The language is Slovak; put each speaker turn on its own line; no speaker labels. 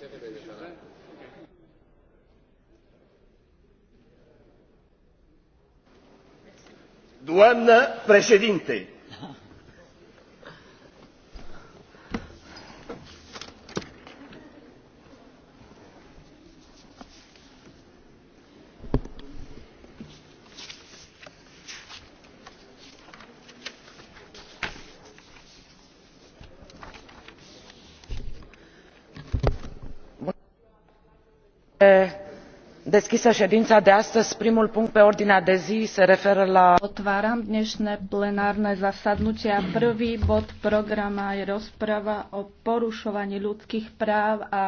17 de
Doamnă președinte,
deschisă ședința de astăzi. Primul punct pe ordinea de zi se referă la... Otváram dnešné
plenárne zasadnutie a prvý bod programa je rozprava o porušovaní ľudských práv a